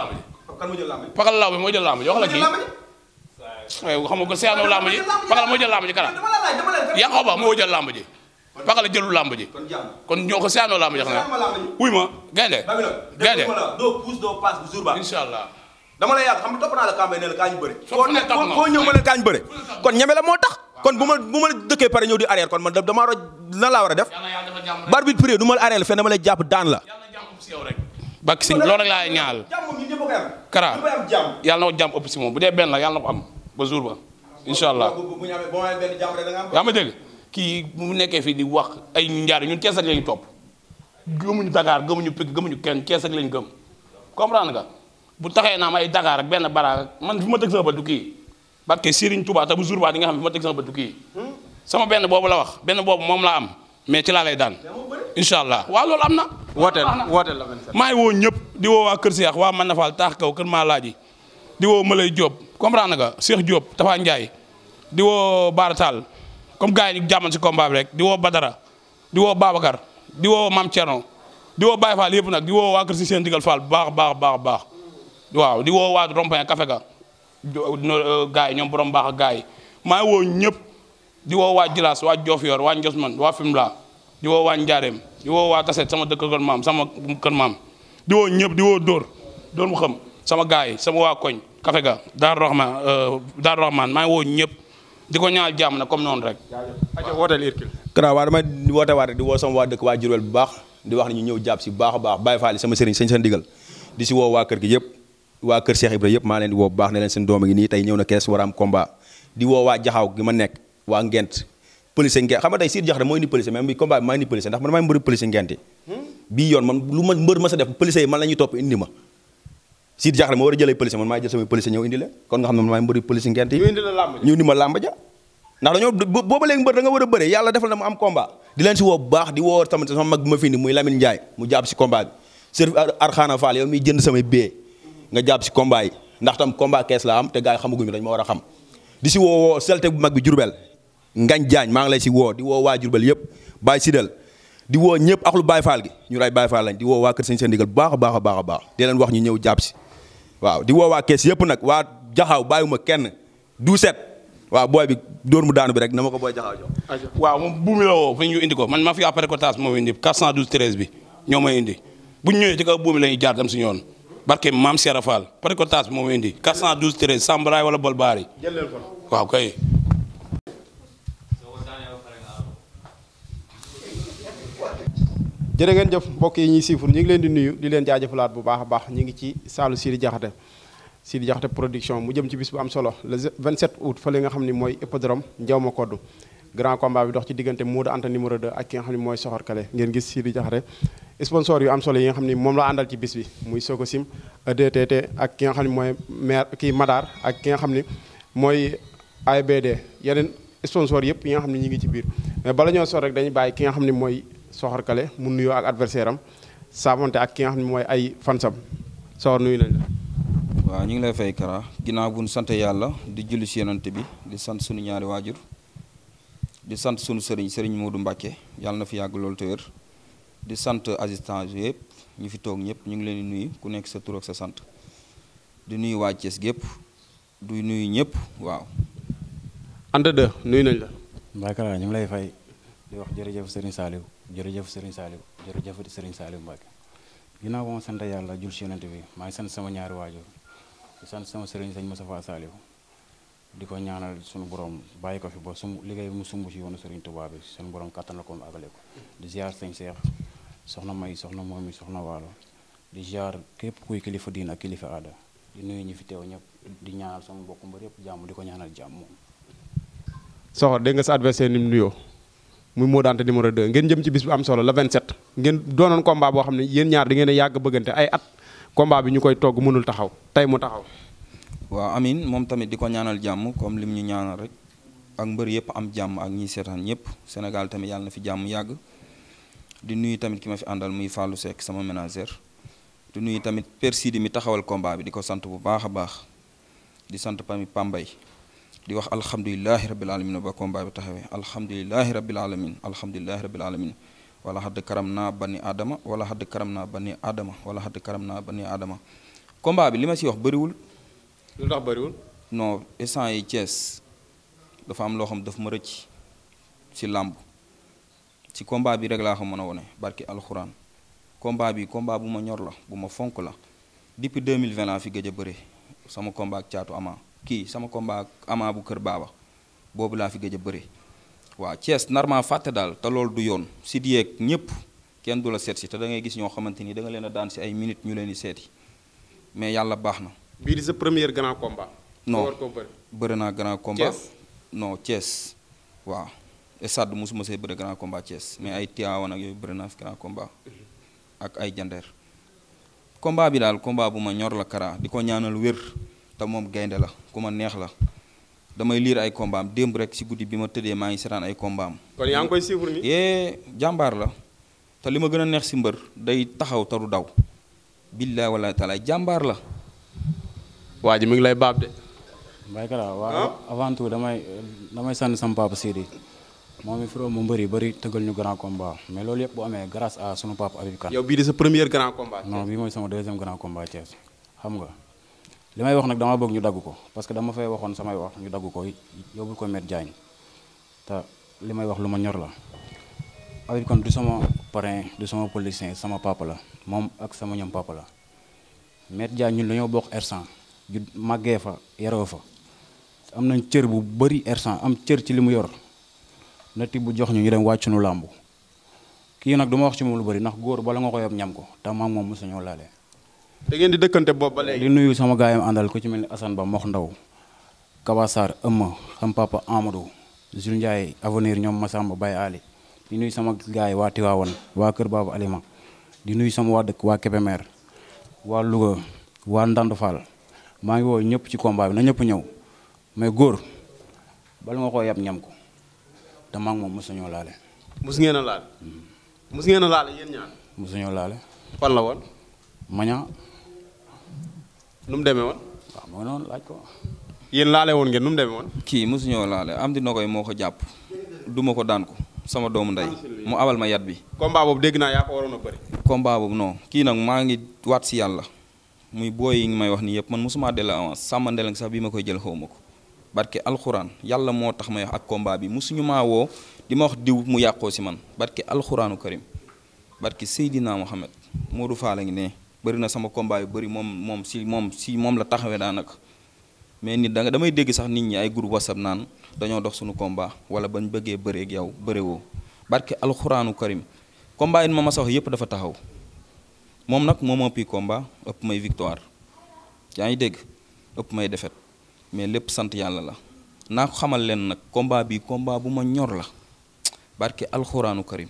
kan mo jël lamb ji pakal law bi mo jël lamb ji wax la ki ay xam ko seenu lamb ji pakal mo jël lamb ji kana yakoba mo jël lamb ji pakal jëlu lamb ji kon ñoko seenu lamb ji xana wuy ma gende gende do pousse do passe bu jour ba inshallah dama lay yag xam top na la kambe ne la kañ beure ko ne ko ñew ma la kañ beure kon ñame la motax kon buma buma dëkke paré ñew di arrière kon man dama roj lan la wara def barbit prié duma arrière fen dama lay japp daan la yalla
jamm ci yow rek
Bak sëñ loolu rek la ñaal kara yàlla na ko jàmm ëpp si bu dé ben la yàlla na am ba jour ba incha allah yaa ma dégg ki mu nekké fi di wax ay njaar ñun Cees ak lañu gëmu ñu Dakar pek gëmu ñu kenn Cees ak lañu gëm comprendre nga bu taxé na ma ay Dakar ak ben bara man fuma tek sama bët du kii barke Serigne Touba ta bu jour ba di nga xam fuma tek sama bët du kii hmm? sama ben bobu la wax ben bobu mom la am mais ci laa lay daan incha allah waaw loolu am na. wooteel wooteel la 27. woo ñëpp di woo waa Kër Seex waa man na faal taax kaw kër maa laaji di woo Malay Diop comprendre nga Cheikh Diop Tafa Ndiaye di woo Baara Tall comme gars yi ñu si combat bi rek di woo Badara di woo Babacar di woo Mam Thierno di woo Baye Fall yëpp nag di woo waa Kër si seen digal Fall baax baax baax baax waaw di woo waa Rompagne Café ga gars yi ñoom borom baax ak gars yi woo ñëpp. di woo waa Jilaas waa Diofior waa Ndiosman waa Fimela di woo waa Njaareem di woo waa Taset sama dëkk kër maam sama kër maam di woo ñëpp di woo Dóor Dóor xam sama gars yi sama waa koñ Kafe ga Daaru Rahman euh, Daaru Rahman maa ngi ñëpp di ko ñaal jàmm na comme noonu rek. jaajëf wooteel Irkil. gannaaw waa damay woote di woo sama waa dëkk waa Jurbel bu baax di wax ni ñu ñëw jàpp si bu baax a baax Baye Fall sama sëriñ sañ seen digal di si woo waa kër gi yëpp waa kër Cheikh Ibra yëpp maa leen di woo bu baax ne leen seen doom gi nii tey ñëw na kees war a am combat di woo waa jaxaw gi ma nekk wa ngent police ngent xam nga tey sir jaxra moy ni police même bi combat bi ni police ndax man may mbeur police ngent bi yon man lu ma mbeur ma sa def police man la top indi ma sir jaxra mo wara jëlé police man may jël sama police ñew indi la kon nga xam na may mbeur police ngent lamb ñu ni ma lamb ja ndax dañoo booba leg mbeur da nga wara a yalla defal na mu am combat di len ci wo baax di wo tamit sama mag ma fi indi muy Lamine ndjay mu jàpp si combat bi arkhana Arxana Fall yow mi jënd sama bé nga jàpp si combat yi ndax tam combat caisse la am te gaay xamaguñu dañ ma wara xam di ci wo selte bu mag bi Jurbel Ngañ Jaañ maa ngi lay si woo di woo waa Jurbel yëpp Baay Sidal di woo ñëpp axlu Baay Faal gi ñu ray Baay Faal lañ di woo waa kër Sëñ Seen Ndigal bu baax a baax baax a baax jàpp si waaw di woo waa kees yëpp nag waa jaxaaw bàyyiwuma kenn du set waaw booy bi door mu daanu bi rek na ma ko booy jaxaaw jox waaw moom buumi la woo fi ñu indi ko man maa fi après cotage moom indi 412 13 bi ñoo may indi bu ñu ñëwee ci kaw buumi la ñuy jaar dem si ñoon barke maam Sera Fall précotage bi moom indi 412 13 Sambraay wala Bolbaari waaw kay jërë ngeen jëf mbokk yi ñuy siifur ñu ngi leen di nuyu di leen jaajëfalaat bu baax a baax ñu ngi ci saalu Siri Diakhaté production mu jëm ci bis bu am solo le 27 août fa li nga xam ne mooy hippodrome Ndiaw ma koddu grand combat bi dox ci diggante Modou Anta numéro 2 ak ki nga xam ne mooy Kale ngeen gis Sidi Diakhaté sponsor yu am solo yi nga xam ne moom la àndal ci bis bi muy Sokosim EDTT ak ki nga xam ne mooy maire kii Madar ak ki nga xam ne mooy AIBD yeneen sponsor yëpp yi nga xam ne ñu ngi ci biir mais bala ñoo sor rek dañuy bàyyi ki nga xam ne mooy soxorkale mu nuyu ak adversaire am saafonte ak ki nga xam ne mooy ay fansam soxor nuyu nañ la. waaw ñu ngi lay fay Kara ginnaaw bu ñu sant yàlla di julli si yonante bi di sant sunu ñaari waajur di sant sunu sëriñ sëriñ Modou Mbacke yàlla na fi yàgg loolu te di sant assistance yëpp ñu fi toog ñëpp ñu ngi leen di nuyu ku nekk sa tur ak sa sant di nuyu waa gépp duy nuyu ñëpp waaw. Anta de nuyu nañ la. Mbacke ñu ngi lay fay di wax jërëjëf sëriñ Saliou. jërëjëf Serigne Saliou jërëjëf Serigne Saliou Mbacke ginnaaw ba sant yàlla jul si yonante bi maa ngi sant sama ñaari waajur di sant sama Serigne Sëñ Moustapha Saliou di ko ñaanal suñu borom bàyyi ko fi ba sumb liggéey mu sumb si yoonu Serigne Touba bi suñu borom kàttan la ko mu ko di ziar Sëñ Cheikh soxna May soxna Momi soxna Waalo di ziar képp kuy kilifa diin ak kilifa aada di nuyu ñi fi ñëpp di ñaanal sama mbokk yëpp jàmm di ko ñaanal jàmm moom. soxor dégg nga sa adversaire ni nuyoo. muy Modou Anta numéro de ngeen jëm ci bis bu am solo la 27 ngeen doonoon combat boo xam ne yéen ñaar da ngeen a yàgg bëggante ay at combat bi ñu koy togg mënul taxaw tey mu taxaw. waaw Amine moom tamit di ko ñaanal jàmm comme lim ñu ñaanal rek ak mbër yëpp am jàmm ak ñi seetaan ñëpp Sénégal tamit yàlla na fi jàmm yàgg di nuyu tamit ki ma fi àndal muy Fallou seek sama ménagère di nuyu tamit Persidi mi taxawal combat bi di ko sant bu baax a baax di sant tamit Pambay. di wax alhamdulilahi rabbil alamin ba ko bi taxawé alhamdulilahi rabbil alamin alhamdulilahi rabbil alamin wala hadd karamna bani adama wala hadd karamna bani adama wala hadd karamna bani adama combat bi lima ci wax bari wul lu tax bari wul non instant yi Thiès dafa am lo xam daf ma rëcc ci làmb ci combat bi rek la xam mëna wone barki alxuraan combat bi combat bu ma ñor la bu ma fonk la depuis 2020 la fi gëj bëre sama combat ak caatu amant kii sama combat ama bu kër baaba boobu laa fi gëj a bëri waa cees nar maa fàtte daal te loolu du yoon si diyeeg ñëpp kenn du la seet si te da ngay gis ñoo xamante ni da leen a daan si ay minutes ñu leen di seeti mais yàlla baax na. bii di sa premier grand combat. non bëri naa grand combat. non Thiès waaw. Esad mosuma see bëri grand combat Thiès mais ay Tivaouane ak yooyu bëri naa fi grand combat ak ay jandeer combat bi daal combat bu ma ñor la Kara di ko ñaanal wér. te moom gaynde la ku neex la damay liir ay kombaam démb rek si guddi bi ma tëddee maa ngi seetaan ay kombaam kon yaa ngi koy suivre ni yee jàmbaar la te li ma gën a neex si mbër day taxaw te du daw billaay wala taala jàmbaar la waa ji mi ngi lay baab de mbay Kara waaw avant tout damay damay sànni sama papa Sidi moom mi fi mu mbëri bëri tëggal ñu grand combat mais loolu yëpp bu amee grâce à sunu papa Habib Kane. yow bii di sa premier grand combat. li may wax nag dama bëgg ñu dagg ko parce que dama fay waxoon samay wax ñu dagg ko yóbbul ko met jaañ te li may wax lu ma ñor la Habib Kane du sama parrain du sama politicien sama papa la moom ak sama ñoom papa la met jaañ ñun dañoo bokk r ju màggee fa yaroo fa am nañ cër bu bëri r am cër ci li mu yor na ti bu jox ñu ñu dem wàccu nu làmb kii nag du ma wax ci moom lu bari ndax góor bala nga ko yob ñam ko te maam moom mosuñoo laale da ngeen di dëkkante boobu ba léegi. di nuyu sama gaay am àndal ku ci mel ni Assane Ba Mox Ndaw Kabasar Ëmma xam papa Amadou Jules Ndiaye avenir ñoom Massamba Baye Ali di nuyu sama gaay waa Tiwaawan waa Kër baabu Alima di nuyu sama waa dëkk waa Kébémer waa Louga waa Ndandu Fall maa ngi woo ñëpp ci combat bi na ñëpp ñëw mais góor bala nga yab ñam ko te maa ngi moom mosuñoo laale. mos ngeen a laal hmm. ngeen laale yéen ñaar. laale. fan la woon. maña nu mu demee woon. waaw moo noonu laaj ko. yéen laale woon ngeen nu mu demee woon. kii mosuñoo laale am di koy moo ko jàpp duma ko daan ko sama doomu ndey mu abal ma yat bi. combat boobu dégg naa yaa ko waroon a bëri. combat boobu non kii nag maa ngi waat si yàlla muy booy yi may wax nii yëpp man mosuma delloo avance sàmm sax bii ma koy jël ma ko barke alxuraan yàlla moo tax may wax ak combat bi mosuñu maa woo di ma wax diw mu yàqoo si man barke alxuraanu karim barke Seydina Mohamed Modou Fall a ngi ne. bëri na sama combat yu bëri moom moom si moom si moom la taxawee daanaka mais nit danga damay dégg sax nit ñi ay groupe whatsapp naan dañoo dox suñu combat wala bañ bëggee bëri ak yow bëriwoo woo barke alxuraanu karim combat ma ma sax yëpp dafa taxaw moom nag moo ma ëpp may victoire yaa ngi dégg ëpp may défaite mais lépp sant yàlla la naa xamal leen nag combat bi combat bu ma ñor la barke alxuraanu karim.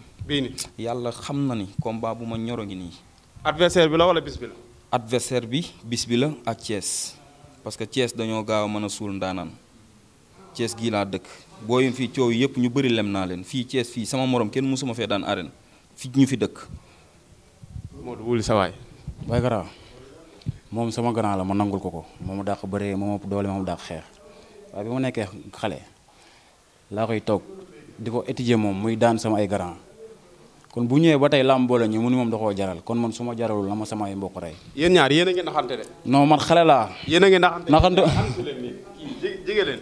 xam na ni combat bu ma ñoro ngi nii. adversaire bi la wala bis bi la. la ak Thiès parce que Thiès dañoo gaaw a mën a suul ndaanaan cees gii laa dëkk booyum fii coow yëpp ñu bari lem naa leen fii cees fii sama moroom kenn mësuma fee daan arène fii ñu fi dëkk. Modou sawaay sa waay. moom sama grand la ma nangul ko ko moom dàq bëree moom doole moom dàq xeex waaye bi ma nekkee xale laa koy toog di ko étudier moom muy daan sama ay gara kon bu ñëwee ba tey làmb boole ñu mu ni moom da koo jaral kon man su ma jaralul la ma samay mbokk rey. yéen ñaar yéen a ngi naxante de. non man xale laa. yéen a ngi naxante naxante. jege leen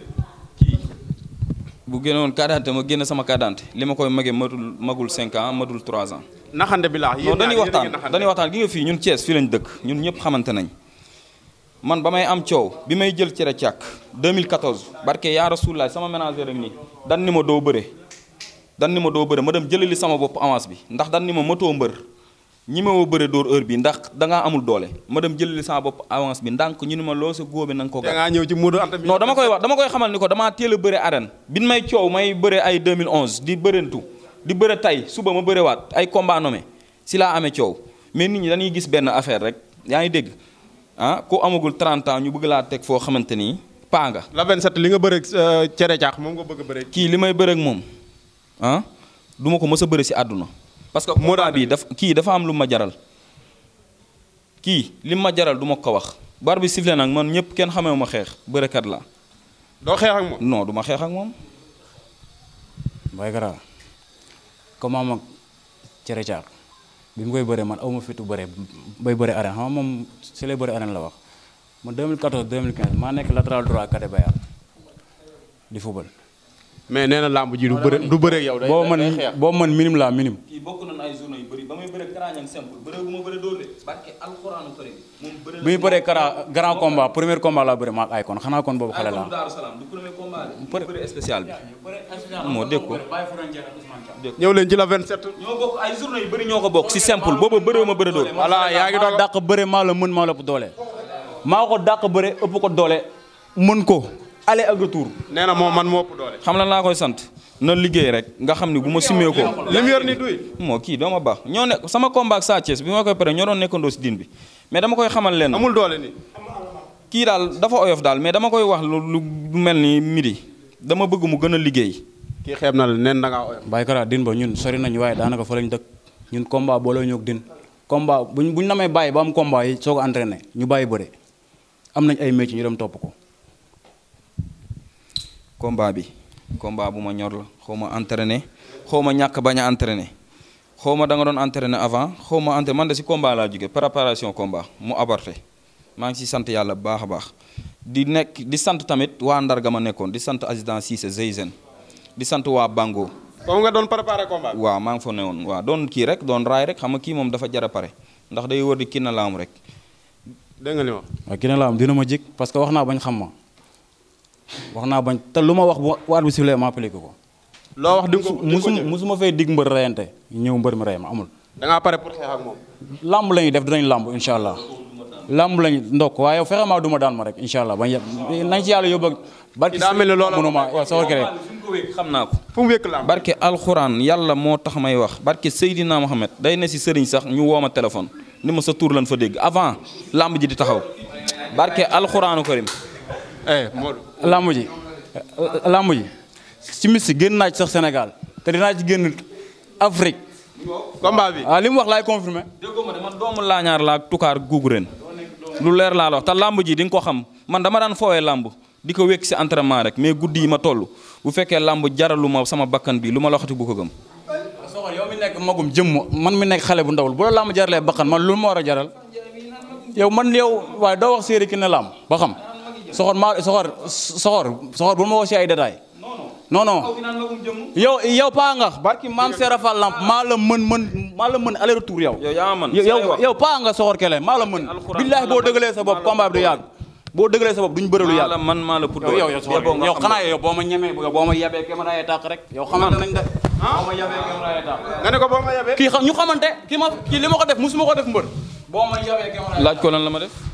bu génnoon kàddaante ma génn sama kàddaante li ma koy magee matul magul 5 ans matul 3 ans. naxante bi laa yéen ñaar dañuy waxtaan dañuy waxtaan gi nga fii ñun Thiès fii lañ dëkk ñun ñëpp xamante nañ man ba may am coow bi may jël cere càkk 2014 barke yaa rasulilah sama ménager rek nii dan ni ma doo bëre dan ni ma do beure ma dem jëlali sama bop avance bi ndax dan ni ma matoo mbeur ñi ma wo beure door heure bi ndax da nga amul doole ma dem jëlali sama bop avance bi ndank ñu ni ma loo sa góobe na nga ko gaa ñëw ci Modou Anta non dama koy wax dama koy xamal ni ko dama teel beure bëre arène bin may ciow may beure ay 2011 di beurentu di beure tay suba ma beure wat ay combat nomé si la amé ciow mais nit ñi dañuy gis ben affaire rek yaay deg dégg ah ku amagul 30 ans ñu bëgg la tek fo xamanteni pa nga la 27 li nga beure euh, cere caax mom nga bëgg beure ki limay beure ak mom Ah, duma ko mës a bëre si àdduna. parce que Modou bi daf kii dafa am lu ma jaral kii li ma jaral duma ma ko wax. bar bi sifle nag man ñëpp kenn xamee ma xeex bërekat la doo xeex moom non du xeex ak moom. Baykara comme am ak cere caak bi mu koy bëree man aw ma fitu bëree bay bëree arène xam nga moom si lay bëree arène la wax man 2014 2015 maa nekk latéral droit Kade Bayar di football. mais nee na làmb ji du bëre du yow. day boo man boo man minime laa ba muy bi muy bëree kara grand combat premier combat laa bëre ma ak Akon xanaa kon boobu xale laa. Daaru Salaam du bi. moo dégg ko ñëw leen ci la 27. ñoo ko bokk si simple boobu bëre ma bëre dóor. voilà yaa gi doon dàq bëre maa la mën maa la ëpp doole. maa ko dàq bëre ëpp ko doole mën ko aller ak retour. nee na moom man moo xam lan naa koy sant na liggéey rek nga xam ni bu ma simmee ko li mu duy moo kii doo ma baax ñoo ne sama combat ak Sa Thiès bi ma koy pare ñoo doon nekkandoo si diin bi mais dama koy xamal leen. amul doole kii daal dafa oyof daal mais dama koy wax lu lu mel ni midi dama bëgg mu gën a liggéey. kii xeeb na la nen da ngaa oyof. din ba ñun sori nañu waaye daanaka fa lañ dëkk ñun combat booloo ñoog din combat buñ buñ namee bàyyi ba am combat yi soo ko entraîné ñu bàyyi bëre am nañ ay métier ñu dem topp ko combat bi combat bu ma ñor la xaw ma entraîné xaw koma ñàkk bañ a entraîné xaw da nga doon entraîné avant xaw man si combat laa jóge préparation combat mu aborté ngi si sant yàlla baax baax di nek di sant tamit wa Ndar ga ma di sant accident Cissé Zeyzen di sant waa Bango. moom nga don préparé combat. Wa, maa ngi fa newoon waaw doon kii rek doon raay rek xam nga kii dafa jar a pare ndax day wër di kii na laam rek. nga li ma. waaw dina ma jik parce que bañ xam ma. wax naa bañ te lu ma wax bu arbitre sifflé ma appliqué ko. loo wax di nga ko musuma musuma fee dig mbër reyante ñëw mbër mi rey ma amul. da ngaa pare pour xeex làmb la ñuy def dinañ làmb incha allah. làmb lañ ndokk waaye fexe maa duma daan ma rek incha allah bañ nañ ci yàlla yóbbu ak. barki daa mel ne loolu mënuma waaw sa xam naa ko. fu mu wékk alxuraan yàlla moo tax may wax barki Seydina Mohamed day ne si sëriñ sax ñu woo ma téléphone ni ma sa tuur lan fa dégg avant làmb ji di taxaw barke alxuraanu karim Eh, làmb ji làmb ji simis misi génn naaj sax Sénégal te dinaa ci génn Afrique. combat bi waaw ah, li mu wax laay confirmé. déggoo ma ne laañaar laa tukaar guug ren lu leer laa la wax te làmb ji di nga ko xam man dama daan foowee làmb di ko wékk si entrement rek mais guddi yi ma toll bu fekkee làmb jaralu ma sama bakkan bi lu ma la waxati bu ko gëm. soxal yow mi man mi nekk xale bu ndawul bu la làmb jaralee bakkan man lu ma war a jaral yow man yow waaye doo wax séeréer ki ne làmb ba xam. soxor maa soxor soxor soxor bu ma woo si ay détails. non non um yow yow paa nga barki maam Serafal Lamp maa la mën mën maa la mën aller retour yow. yow yow paa nga soxor kele maa la mën. billahi boo dëgalee sa bopp combat bi du yàgg. boo dëgalee sa bopp duñ bëre lu yàgg. man maa la pour yow yow soxor yow xanaa yow boo ma ñemee boo ma yabee caméra yi tàq rek. yow xamante nañ de. Ah? boo ma yabee caméra yi tàq. nga ne ko boo ma yabee. ñu xamante kii ma kii li ma ko def mbër. laaj ko lan la ma def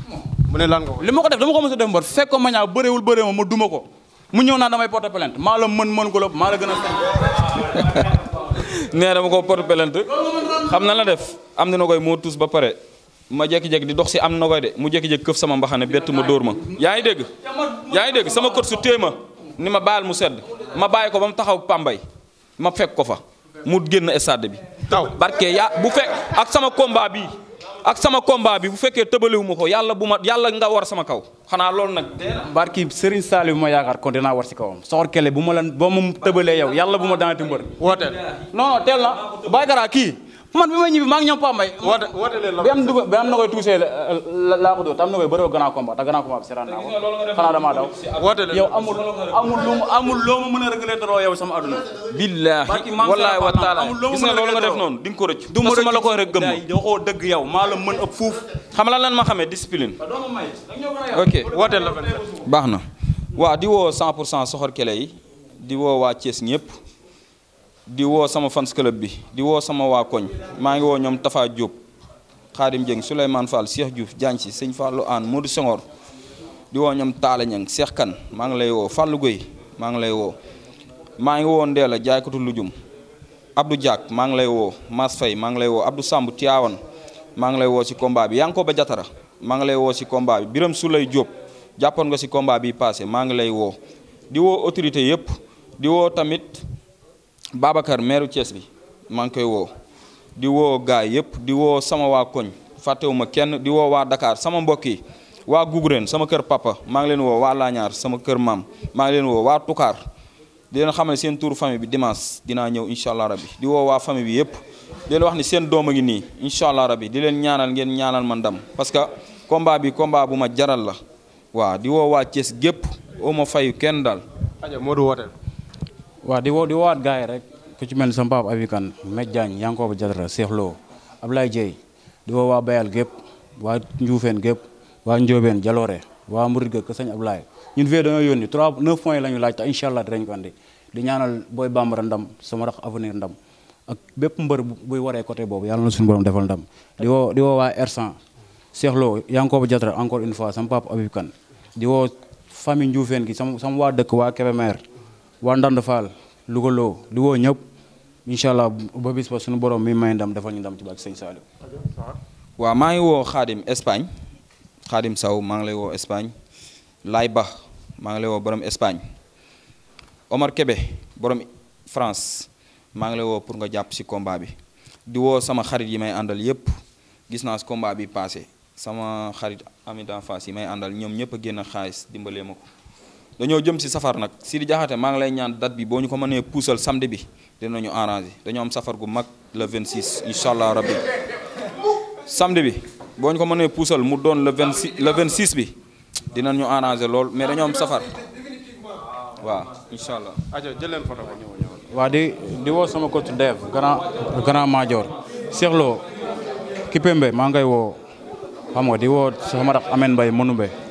mu ne lan li ma ko def dama ko mos a def mbër fekk ko ma ñaaw bëreewul bëree ma ma duma ko mu ñëw naa damay porte plainte maa la mën mën ko la maa la gën a (laughs) nee dama ko porte plainte xam na la def am na na koy moo tuus ba pare ma jékki-jékki di dox si am na koy de mu jékki-jékki këf sama mbaxane bett ma dóor ma yaa ngi dégg yaa ngi dégg sama kër su téye ma ni ma baal mu sedd ma bàyyi ko ba mu taxaw pambay ma fekk ko fa mu génn stade bi taw barke yaa bu fekk ak sama combat bii ak sama combat bi bu fekkee tëbaliwu ma ko yàlla bu ma yàlla nga war sama kaw xanaa loolu nag. barki Serigne Saliou bi ma yaakaar kon dinaa war si kawam soxor kele bu ma lan boo ma tëbalee yow yàlla bu ma daanati mbër. wooteel non non teel na Baydara kii. man bi may ñibbi maa ñoom Pambay. woote woote leen la du bi am na koy tuusee laa ko dóor te loo ma mën a réglé trop yow sama wa taala gis nga loolu nga def noonu di nga ko rëcc. du ma la ko rek gëm ma waxoo dëgg yow maa la mën ëpp fuuf. xam la lan ma xamee discipline. ok baax na. waa di woo 100 pour cent soxor kele yi di woo waa Thiès ñëpp di wo sama fans club bi di wo sama wa koñ ma ngi wo ñom Tafa Diop Khadim jeng Souleymane Fall Cheikh djouf janci seigne Sëñ Fallou Anne Modou Senghor di wo ñom tala ñang Cheikh kan ma ngi lay wo Fallou Gueye ma ngi lay wo ma ngi woo Ndéla jaaykatu lujum Abdou jack ma ngi lay wo mas fay ma ngi lay wo Abdou Samb Tiawan ma ngi lay wo si combat bi ba jatara ma ngi lay wo si combat bi biram Souleye Diop japon nga si combat bi passé ma ngi lay wo di wo autorité yep di wo tamit Babacar maire Thiès bi maa ngi koy woo di woo gaay yëpp di woo sama waa koñ fàttewuma kenn di woo waa dakaar sama mbokk yi waa Gugureen sama kër papa maa ngi leen woo waa Laañaar sama kër maam maa ngi leen woo waa Tukaar di leen xam ne seen tour famille bi dimanche dinaa ñëw incha allah rabi di woo waa yëpp leen wax ne seen doom a ngi nii incha allah rabi di leen ñaanal ngeen ñaanal ma ndam parce que combat bi kombaa bu ma jaral la waaw di woo waa Thiès gépp oo ma fayu kenn daal. rajo Modou waaw di wo di woowaat gars yi rek ku ci mel sama papa Abi medjang Med Diagne Yankoba Cheikh Lo ablay jey di wo wa Bayal gépp waa Ndioufène gépp waa Ndiobène Jaloore mourid ge ga seigne ablay ñun fee dañu yoni 3 9 points lañu laaj ta inshallah dañ ko andi di ñaanal boy bambara ndam sama rax avenir ndam ak bepp mbeur bu waré côté bobu yalla na suñu borom defal ndam di wo di wo wa R100 Cheikh Lo Yankoba Diatara encore une fois sama papa Abi di wo famille Ndioufène gi sama sama wa dekk wa kebe Kébémer wandan Ndande lugolo Louga loo di woo allah ba bis ba sunu borom mi may ndam defal ñu ndam ci bak seigne Saliou. wa ma ngi wo khadim Espagne khadim Saw ma ngi lay Espagne lay Ba ma ngi lay borom Espagne Omar Kebe borom France ma ngi lay pour nga japp si combat bi di wo sama xarit yi may andal yep gis na combat bi passé sama xarit amida Fass yi may andal ñom ñep a xaliss dimbalé mako dañoo jëm si safar nag Sidi Diakhaté maa ngi lay ñaan date bi boo ñu ko mënee puusal samedi bi dinañu ñu dañoo dañoom safar gu mag la vingt 26 incha allah rabbi samedi bi boo ñu ko mënee puusal mu doon le 26 le 26 bi ñu arrangé lool mais dañoo am safar waaw incha allah. ajo jël leen photo waa di di woo sama coach Dev grand grand major Cheikh Lo maa ngay woo xam nga di woo sama rax Amène Mbaye be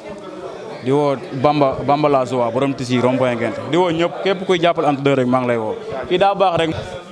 di woo Bamba Bamba Lazoa borom tisi rond-point di woo ñëpp képp kuy jàppale Anta 2 rek maa lay woo fii daa baax rek.